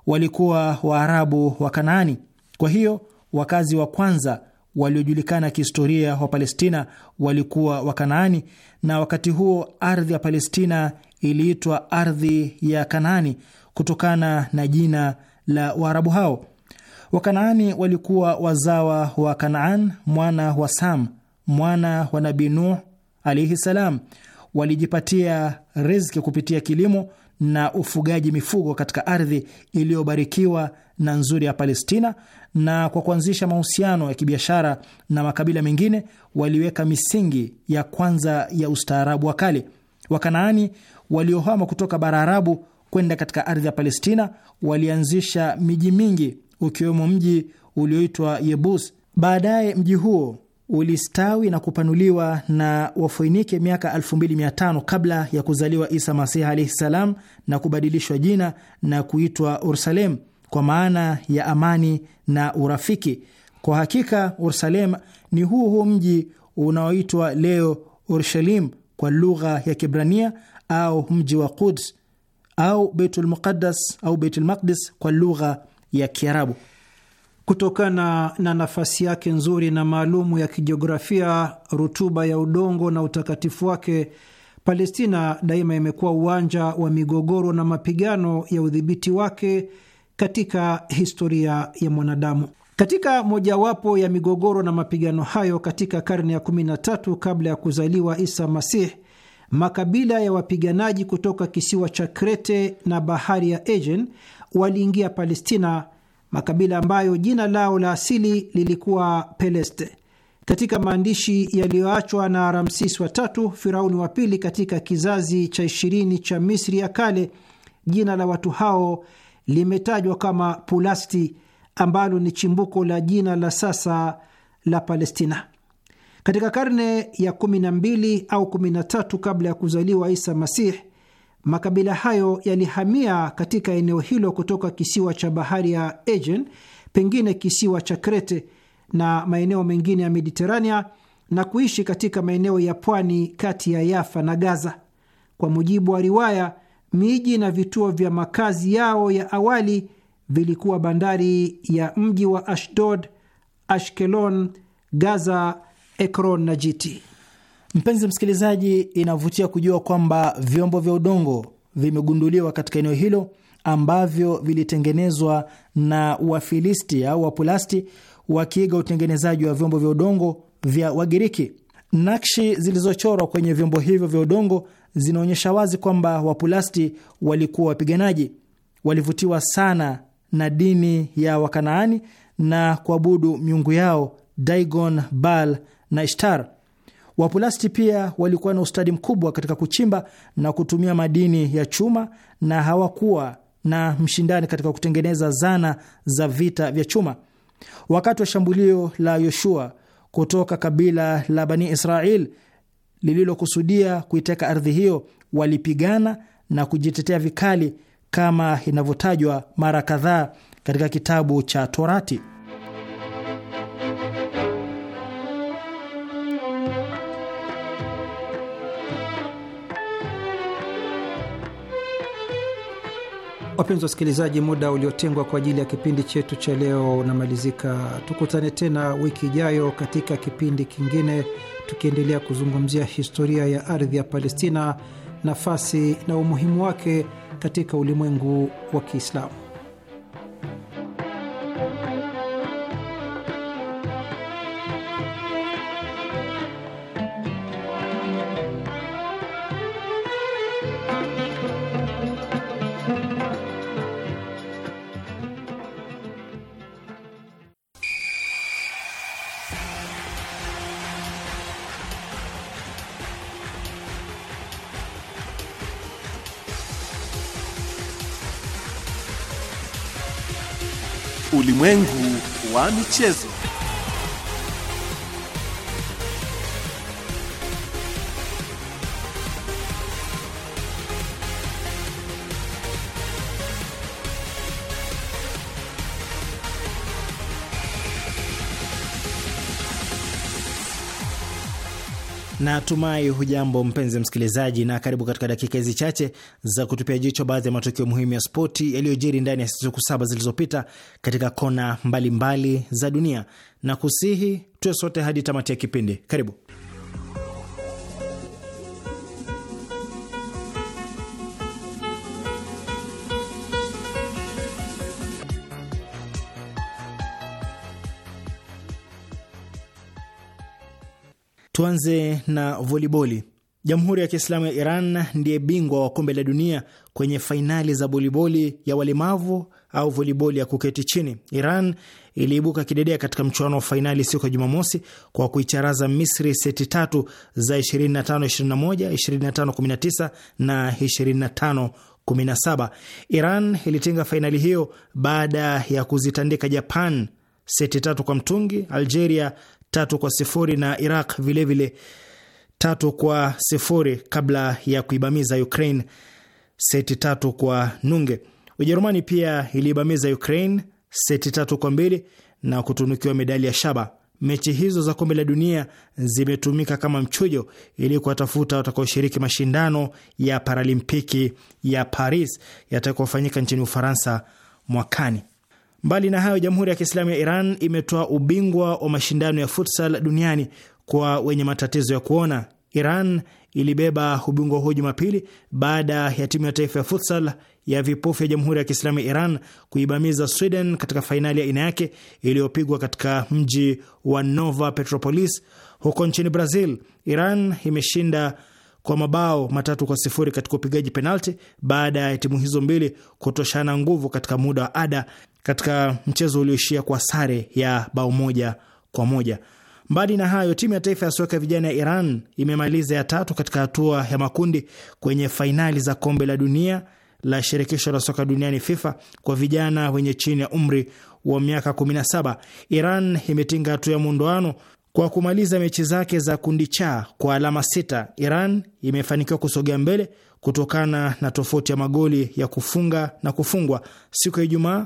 Speaker 2: walikuwa Waarabu wa Kanaani. Kwa hiyo wakazi wa kwanza waliojulikana kihistoria wa Palestina walikuwa Wakanaani, na wakati huo ardhi ya Palestina iliitwa ardhi ya Kanaani kutokana na jina la Waarabu hao. Wakanaani walikuwa wazawa wa Kanaan mwana wa Sam mwana wa Nabii Nuh alaihi salam. Walijipatia riziki kupitia kilimo na ufugaji mifugo katika ardhi iliyobarikiwa na nzuri ya Palestina, na kwa kuanzisha mahusiano ya kibiashara na makabila mengine waliweka misingi ya kwanza ya ustaarabu wa kale. Wakanaani waliohama kutoka bara Arabu kwenda katika ardhi ya Palestina walianzisha miji mingi ukiwemo mji ulioitwa Yebus. Baadaye mji huo ulistawi na kupanuliwa na wafoinike miaka 2500 kabla ya kuzaliwa Isa Masihi alaihi ssalam na kubadilishwa jina na kuitwa urusalem kwa maana ya amani na urafiki. Kwa hakika urusalem ni huu huu mji unaoitwa leo urushalim kwa lugha ya Kibrania au mji wa Quds au
Speaker 5: Beitul Muqaddas au Beitul Maqdis kwa lugha ya Kiarabu. Kutokana na nafasi yake nzuri na maalumu ya kijiografia, rutuba ya udongo na utakatifu wake, Palestina daima imekuwa uwanja wa migogoro na mapigano ya udhibiti wake katika historia ya mwanadamu. Katika mojawapo ya migogoro na mapigano hayo, katika karne ya 13 kabla ya kuzaliwa Isa Masih, makabila ya wapiganaji kutoka kisiwa cha Krete na bahari ya Aegean waliingia Palestina makabila ambayo jina lao la asili lilikuwa Peleste. Katika maandishi yaliyoachwa na Ramsis wa tatu, Firauni wa pili katika kizazi cha ishirini cha Misri ya kale, jina la watu hao limetajwa kama Pulasti ambalo ni chimbuko la jina la sasa la Palestina. Katika karne ya 12 au 13 kabla ya kuzaliwa Isa Masih, Makabila hayo yalihamia katika eneo hilo kutoka kisiwa cha bahari ya Aegean, pengine kisiwa cha Krete na maeneo mengine ya Mediterania na kuishi katika maeneo ya pwani kati ya Yafa na Gaza. Kwa mujibu wa riwaya, miji na vituo vya makazi yao ya awali vilikuwa bandari ya mji wa Ashdod, Ashkelon, Gaza, Ekron na Jiti. Mpenzi msikilizaji, inavutia kujua kwamba vyombo vya udongo vimegunduliwa katika
Speaker 2: eneo hilo ambavyo vilitengenezwa na Wafilisti au Wapulasti wakiiga utengenezaji wa vyombo vya udongo vya Wagiriki. Nakshi zilizochorwa kwenye vyombo hivyo vya udongo zinaonyesha wazi kwamba Wapulasti walikuwa wapiganaji. Walivutiwa sana na dini ya Wakanaani na kuabudu miungu yao Dagon, Baal na Ishtar. Wapulasti pia walikuwa na ustadi mkubwa katika kuchimba na kutumia madini ya chuma na hawakuwa na mshindani katika kutengeneza zana za vita vya chuma. Wakati wa shambulio la Yoshua kutoka kabila la Bani Israel lililokusudia kuiteka ardhi hiyo, walipigana na kujitetea vikali kama inavyotajwa mara kadhaa katika kitabu cha Torati.
Speaker 5: Wapenzi wasikilizaji, muda uliotengwa kwa ajili ya kipindi chetu cha leo unamalizika. Tukutane tena wiki ijayo katika kipindi kingine, tukiendelea kuzungumzia historia ya ardhi ya Palestina, nafasi na umuhimu wake katika ulimwengu wa Kiislamu.
Speaker 3: Ulimwengu wa michezo.
Speaker 2: na tumai hujambo mpenzi msikilizaji, na karibu katika dakika hizi chache za kutupia jicho baadhi ya matukio muhimu ya spoti yaliyojiri ndani ya siku saba zilizopita katika kona mbalimbali mbali za dunia, na kusihi tuwe sote hadi tamati ya kipindi. Karibu. Tuanze na voliboli. Jamhuri ya Kiislamu ya Iran ndiye bingwa wa kombe la dunia kwenye fainali za voliboli ya walemavu au voliboli ya kuketi chini. Iran iliibuka kidedea katika mchuano wa fainali siku ya Jumamosi kwa kuicharaza Misri seti tatu za 25-21, 25-19 na 25-17. Iran ilitinga fainali hiyo baada ya kuzitandika Japan seti tatu kwa mtungi, Algeria tatu kwa sifuri na Iraq vilevile tatu kwa sifuri kabla ya kuibamiza Ukraine seti tatu kwa nunge. Ujerumani pia iliibamiza Ukraine seti tatu kwa mbili na kutunukiwa medali ya shaba. Mechi hizo za kombe la dunia zimetumika kama mchujo ili kuwatafuta watakaoshiriki mashindano ya Paralimpiki ya Paris yatakayofanyika nchini Ufaransa mwakani. Mbali na hayo, Jamhuri ya Kiislamu ya Iran imetoa ubingwa wa mashindano ya futsal duniani kwa wenye matatizo ya kuona. Iran ilibeba ubingwa huo Jumapili baada ya timu ya taifa ya futsal ya vipofu ya Jamhuri ya Kiislamu ya Iran kuibamiza Sweden katika fainali ya aina yake iliyopigwa katika mji wa Nova Petropolis huko nchini Brazil. Iran imeshinda kwa mabao matatu kwa sifuri katika upigaji penalti baada ya timu hizo mbili kutoshana nguvu katika muda wa ada katika mchezo ulioishia kwa sare ya bao moja kwa moja. Mbali na hayo, timu ya taifa ya soka ya vijana ya Iran imemaliza ya tatu katika hatua ya makundi kwenye fainali za kombe la dunia la shirikisho la soka duniani FIFA kwa vijana wenye chini ya umri wa miaka 17. Iran imetinga hatua ya muondoano kwa kumaliza mechi zake za kundi cha kwa alama sita. Iran imefanikiwa kusogea mbele kutokana na tofauti ya magoli ya kufunga na kufungwa siku ya Ijumaa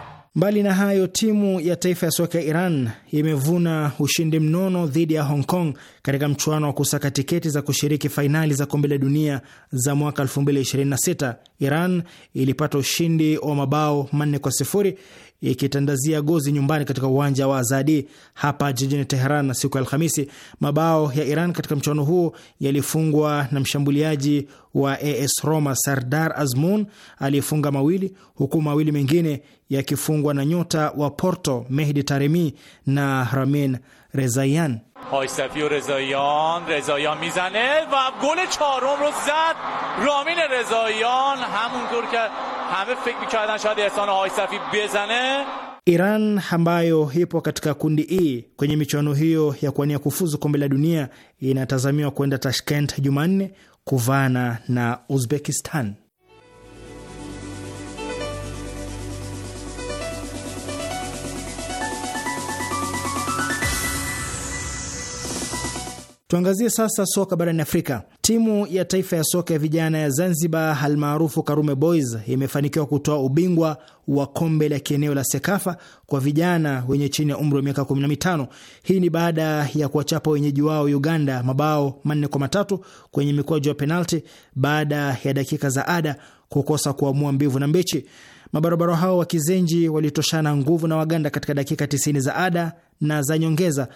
Speaker 2: Mbali na hayo, timu ya taifa ya soka ya Iran imevuna ushindi mnono dhidi ya Hong Kong katika mchuano wa kusaka tiketi za kushiriki fainali za kombe la dunia za mwaka 2026. Iran ilipata ushindi wa mabao manne kwa sifuri ikitandazia gozi nyumbani katika uwanja wa Azadi hapa jijini Teheran na siku ya Alhamisi. Mabao ya Iran katika mchuano huo yalifungwa na mshambuliaji wa AS Roma Sardar Azmun aliyefunga mawili huku mawili mengine yakifungwa na nyota wa Porto Mehdi Taremi na Ramin Rezayan.
Speaker 1: های صفی و رضاییان رضاییان میزنه و گل چهارم رو زد رامین رضاییان همونطور که همه فکر میکردن شاید احسان های بزنه
Speaker 2: Iran ambayo ipo katika kundi E kwenye michuano hiyo ya kuwania kufuzu kombe la dunia inatazamiwa kwenda Tashkent Jumanne kuvana na Uzbekistan. Tuangazie sasa soka barani Afrika. Timu ya taifa ya soka ya vijana ya Zanzibar almaarufu Karume Boys imefanikiwa kutoa ubingwa wa kombe la kieneo la SEKAFA kwa vijana wenye chini ya umri wa miaka 15. Hii ni baada ya kuwachapa wenyeji wao Uganda mabao manne kwa matatu kwenye mikwaju ya penalti baada ya dakika za ada kukosa kuamua mbivu na mbichi. Mabarobaro hao wa Kizenji walitoshana nguvu na Waganda katika dakika 90 za ada na za nyongeza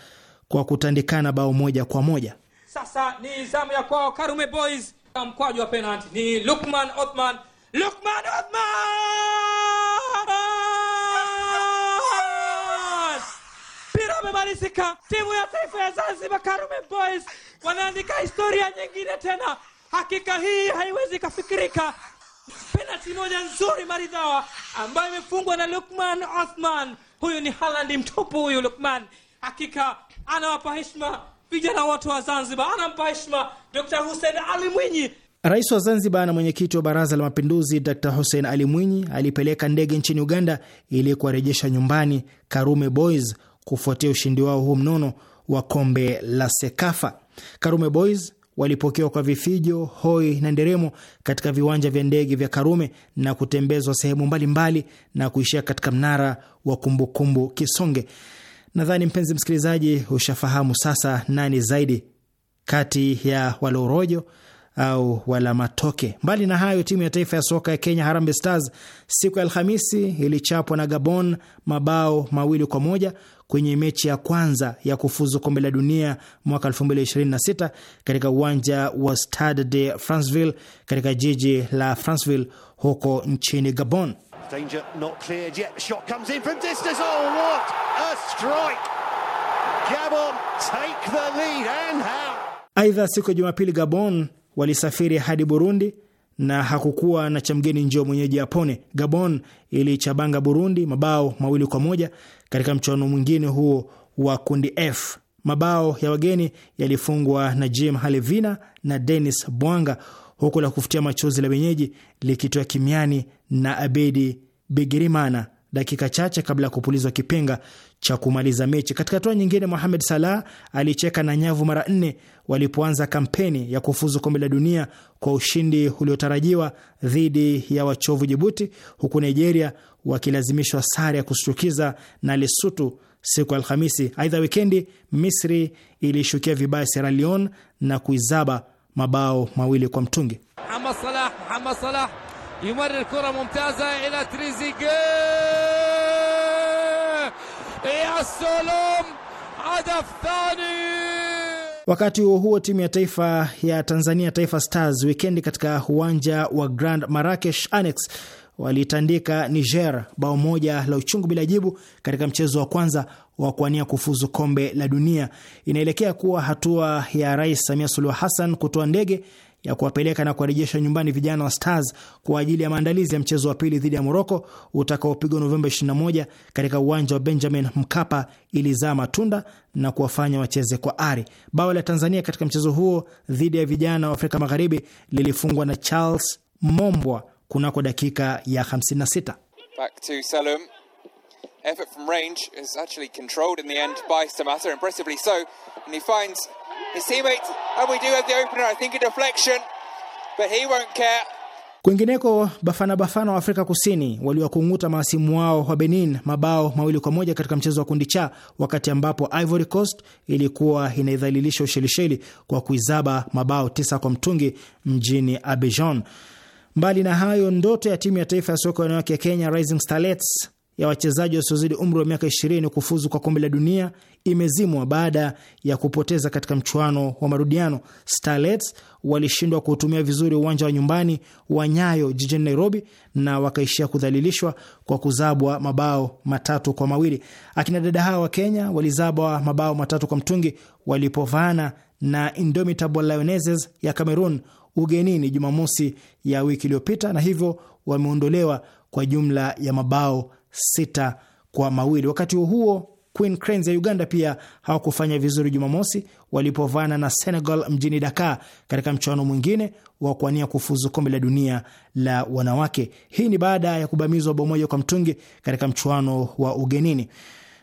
Speaker 2: kwa kutandikana bao moja kwa moja. Sasa ni zamu ya kwao Karume Boys, mkwaju wa penalti ni Lukman Othman. Lukman Othman,
Speaker 1: mpira umemalizika.
Speaker 5: Timu ya taifa ya Zanzibar, Karume Boys, wanaandika historia nyingine tena. Hakika hii haiwezi ikafikirika. Penalti moja nzuri maridhawa ambayo imefungwa na Lukman Othman. Huyu ni Haaland mtupu, huyu Lukman. Hakika anawapa heshima vijana wote wa Zanzibar, anampa heshima Dkt. Hussein Ali Mwinyi.
Speaker 2: Rais wa Zanzibar na mwenyekiti wa Baraza la Mapinduzi Dr. Hussein Ali Mwinyi alipeleka ndege nchini Uganda ili kuwarejesha nyumbani Karume Boys kufuatia ushindi wao huu mnono wa kombe la Sekafa. Karume Boys walipokewa kwa vifijo, hoi na nderemo katika viwanja vya ndege vya Karume na kutembezwa sehemu mbalimbali mbali na kuishia katika mnara wa kumbukumbu Kisonge. Nadhani mpenzi msikilizaji, ushafahamu sasa nani zaidi kati ya walorojo au wala matoke. Mbali na hayo, timu ya taifa ya soka ya Kenya, Harambee Stars, siku ya Alhamisi ilichapwa na Gabon mabao mawili kwa moja kwenye mechi ya kwanza ya kufuzu kombe la dunia mwaka 2026 katika uwanja wa Stade de Franceville katika jiji la Franceville huko nchini Gabon.
Speaker 1: Danger, not cleared yet. Shot comes in from distance. Oh, what a strike. Gabon take the lead and how.
Speaker 2: Aidha, siku ya Jumapili Gabon walisafiri hadi Burundi na hakukuwa na cha mgeni njoo mwenyeji yapone. Gabon ilichabanga Burundi mabao mawili kwa moja katika mchuano mwingine huo wa kundi F. Mabao ya wageni yalifungwa na Jim Halevina na Denis Bwanga, huku la kufutia machozi la wenyeji likitoa kimiani na Abedi Bigirimana dakika chache kabla ya kupulizwa kipenga cha kumaliza mechi. Katika hatua nyingine, Mohamed Salah alicheka na nyavu mara nne walipoanza kampeni ya kufuzu kombe la dunia kwa ushindi uliotarajiwa dhidi ya wachovu Jibuti, huku Nigeria wakilazimishwa sare ya kushtukiza na lesutu siku ya Alhamisi. Aidha, wikendi Misri ilishukia vibaya Sierra Leone na kuizaba mabao mawili kwa mtungi.
Speaker 1: Muhammad Salah, Muhammad Salah yumarir kura mumtaza ila
Speaker 6: يا سلام هدف ثاني
Speaker 2: Wakati huo huo, timu ya taifa ya Tanzania, Taifa Stars, wikendi katika uwanja wa Grand Marakesh Annex walitandika Niger bao moja la uchungu bila jibu katika mchezo wa kwanza wa kuania kufuzu kombe la dunia. Inaelekea kuwa hatua ya Rais Samia Suluhu Hassan kutoa ndege ya kuwapeleka na kuwarejesha nyumbani vijana wa Stars kwa ajili ya maandalizi ya mchezo wa pili dhidi ya Moroko utakaopigwa Novemba 21 katika uwanja wa Benjamin Mkapa ilizaa matunda na kuwafanya wacheze kwa ari. Bao la Tanzania katika mchezo huo dhidi ya vijana wa Afrika Magharibi lilifungwa na Charles Mombwa kunako dakika ya 56.
Speaker 4: Effort from range is actually controlled in the end by impressively
Speaker 5: so, and he finds His teammates, and we do have the opener, I think a deflection, but he won't care.
Speaker 2: Kwingineko, Bafana Bafana wa Afrika Kusini waliwakunguta mahasimu wao wa Benin mabao mawili kwa moja katika mchezo wa kundi cha, wakati ambapo Ivory Coast ilikuwa inaidhalilisha Ushelisheli kwa kuizaba mabao tisa kwa mtungi mjini Abidjan. Mbali na hayo, ndoto ya timu ya taifa ya soka wanawake ya Kenya Rising Starlets ya wachezaji wasiozidi umri wa miaka 20 kufuzu kwa kombe la dunia imezimwa baada ya kupoteza katika mchuano wa marudiano. Starlets walishindwa kuutumia vizuri uwanja wa nyumbani wa Nyayo jijini Nairobi na wakaishia kudhalilishwa kwa kuzabwa mabao matatu kwa mawili. Akina dada hawa wa Kenya walizabwa mabao matatu kwa mtungi walipovaana na Indomitable Lionesses ya Cameroon ugenini Jumamosi ya wiki iliyopita, na hivyo wameondolewa kwa jumla ya mabao sita kwa mawili. Wakati huo huo Queen Cranes ya Uganda pia hawakufanya vizuri Jumamosi walipovana na Senegal mjini Dakar katika mchuano mwingine wa kuania kufuzu kombe la dunia la wanawake. Hii ni baada ya kubamizwa bao moja kwa mtungi katika mchuano wa ugenini.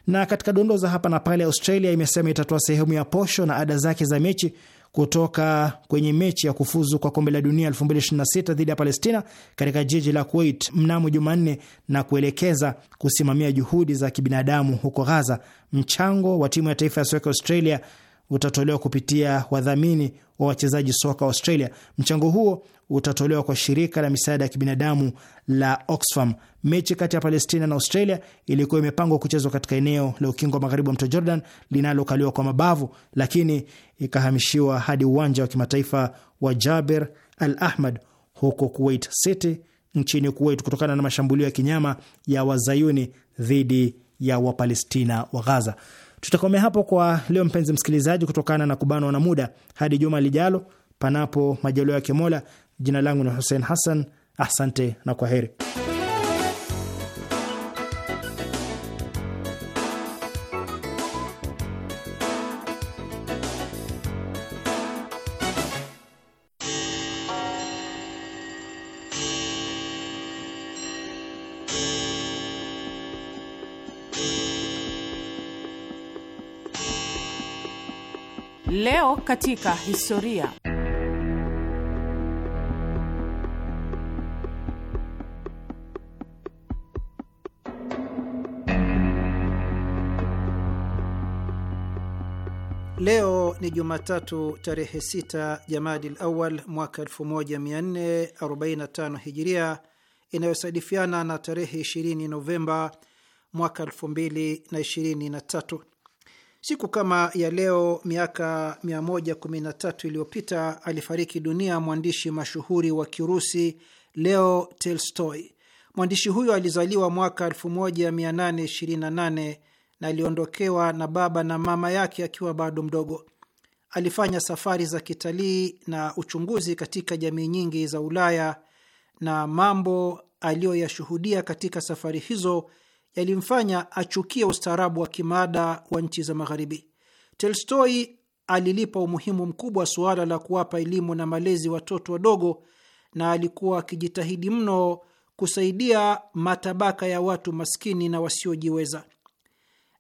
Speaker 2: Na katika dondoo za hapa na pale, Australia imesema itatoa sehemu ya posho na ada zake za mechi kutoka kwenye mechi ya kufuzu kwa kombe la dunia 2026 dhidi ya Palestina katika jiji la Kuwait mnamo Jumanne na kuelekeza kusimamia juhudi za kibinadamu huko Ghaza. Mchango wa timu ya taifa ya soka Australia utatolewa kupitia wadhamini wa wachezaji soka Australia. Mchango huo utatolewa kwa shirika la misaada ya kibinadamu la Oxfam. Mechi kati ya Palestina na Australia ilikuwa imepangwa kuchezwa katika eneo la ukingo wa magharibi wa mto Jordan linalokaliwa kwa mabavu, lakini ikahamishiwa hadi uwanja wa kimataifa wa Jaber Al Ahmad huko Kuwait City nchini Kuwait kutokana na mashambulio ya kinyama ya wazayuni dhidi ya Wapalestina wa Gaza. Tutakomea hapo kwa leo, mpenzi msikilizaji, kutokana na kubanwa na muda. Hadi juma lijalo, panapo majaliwa ya Kimola. Jina langu ni Hussein Hassan, asante na kwa heri.
Speaker 6: katika historia.
Speaker 5: Leo ni Jumatatu tarehe 6 Jamadil Awal mwaka 1445 Hijiria, inayosadifiana na tarehe 20 Novemba mwaka 2023. Siku kama ya leo miaka 113 iliyopita alifariki dunia mwandishi mashuhuri wa Kirusi Leo Tolstoy. Mwandishi huyo alizaliwa mwaka 1828 na aliondokewa na baba na mama yake akiwa bado mdogo. Alifanya safari za kitalii na uchunguzi katika jamii nyingi za Ulaya na mambo aliyoyashuhudia katika safari hizo yalimfanya achukie ustaarabu wa kimaada wa nchi za Magharibi. Tolstoi alilipa umuhimu mkubwa suala la kuwapa elimu na malezi watoto wadogo, na alikuwa akijitahidi mno kusaidia matabaka ya watu maskini na wasiojiweza.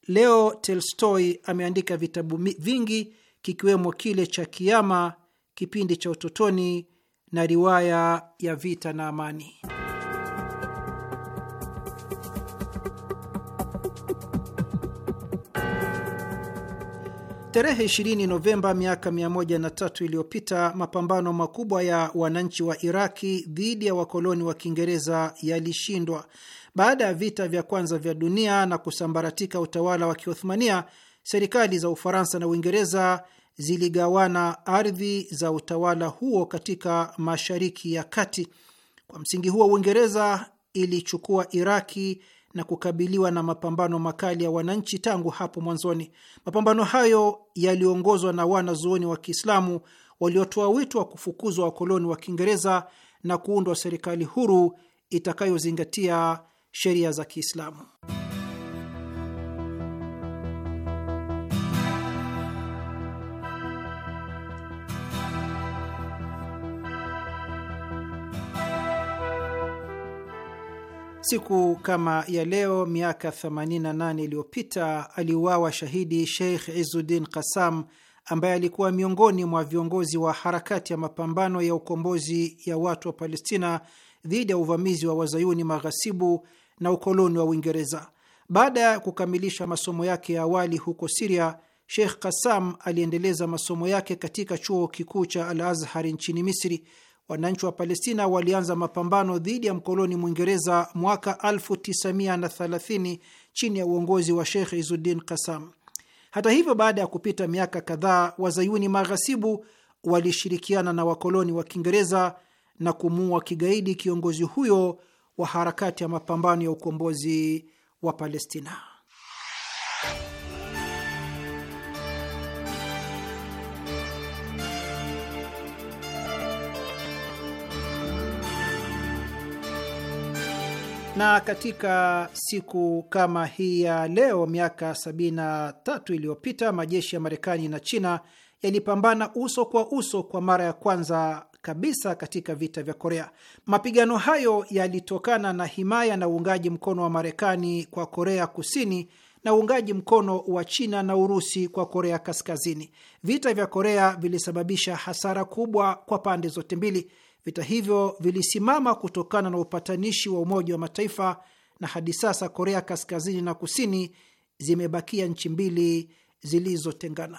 Speaker 5: Leo Tolstoi ameandika vitabu vingi kikiwemo kile cha Kiama, kipindi cha utotoni na riwaya ya Vita na Amani. Tarehe 20 Novemba miaka 103 iliyopita mapambano makubwa ya wananchi wa Iraki dhidi ya wakoloni wa Kiingereza yalishindwa. Baada ya vita vya kwanza vya dunia na kusambaratika utawala wa Kiothmania, serikali za Ufaransa na Uingereza ziligawana ardhi za utawala huo katika Mashariki ya Kati. Kwa msingi huo, Uingereza ilichukua Iraki na kukabiliwa na mapambano makali ya wananchi tangu hapo mwanzoni. Mapambano hayo yaliongozwa na wanazuoni wa Kiislamu waliotoa wito wa kufukuzwa wakoloni wa Kiingereza na kuundwa serikali huru itakayozingatia sheria za Kiislamu. Siku kama ya leo miaka 88 iliyopita aliuawa shahidi Sheikh Izuddin Qassam ambaye alikuwa miongoni mwa viongozi wa harakati ya mapambano ya ukombozi ya watu wa Palestina dhidi ya uvamizi wa wazayuni maghasibu na ukoloni wa Uingereza. Baada ya kukamilisha masomo yake ya awali huko Siria, Sheikh Qassam aliendeleza masomo yake katika chuo kikuu cha Al Azhar nchini Misri wananchi wa Palestina walianza mapambano dhidi ya mkoloni Mwingereza mwaka 1930 chini ya uongozi wa Sheikh Izuddin Kasam. Hata hivyo, baada ya kupita miaka kadhaa, wazayuni maghasibu walishirikiana na wakoloni wa Kiingereza na kumuua kigaidi kiongozi huyo wa harakati ya mapambano ya ukombozi wa Palestina. Na katika siku kama hii ya leo miaka 73 iliyopita majeshi ya Marekani na China yalipambana uso kwa uso kwa mara ya kwanza kabisa katika vita vya Korea. Mapigano hayo yalitokana na himaya na uungaji mkono wa Marekani kwa Korea Kusini na uungaji mkono wa China na Urusi kwa Korea Kaskazini. Vita vya Korea vilisababisha hasara kubwa kwa pande zote mbili. Vita hivyo vilisimama kutokana na upatanishi wa Umoja wa Mataifa, na hadi sasa Korea Kaskazini na Kusini zimebakia nchi mbili zilizotengana.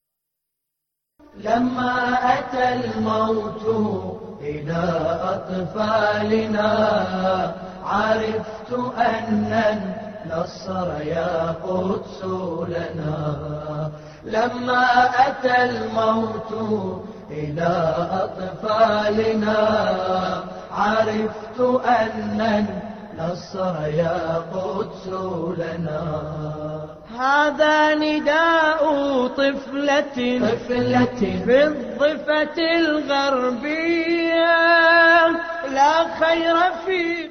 Speaker 1: لما أتى الموت إلى أطفالنا عرفت أن النصر يا قدس لنا
Speaker 6: لما
Speaker 1: أتى الموت إلى أطفالنا عرفت أن تنصر يا قدس لنا هذا نداء طفلة طفلة في الضفة الغربية لا خير في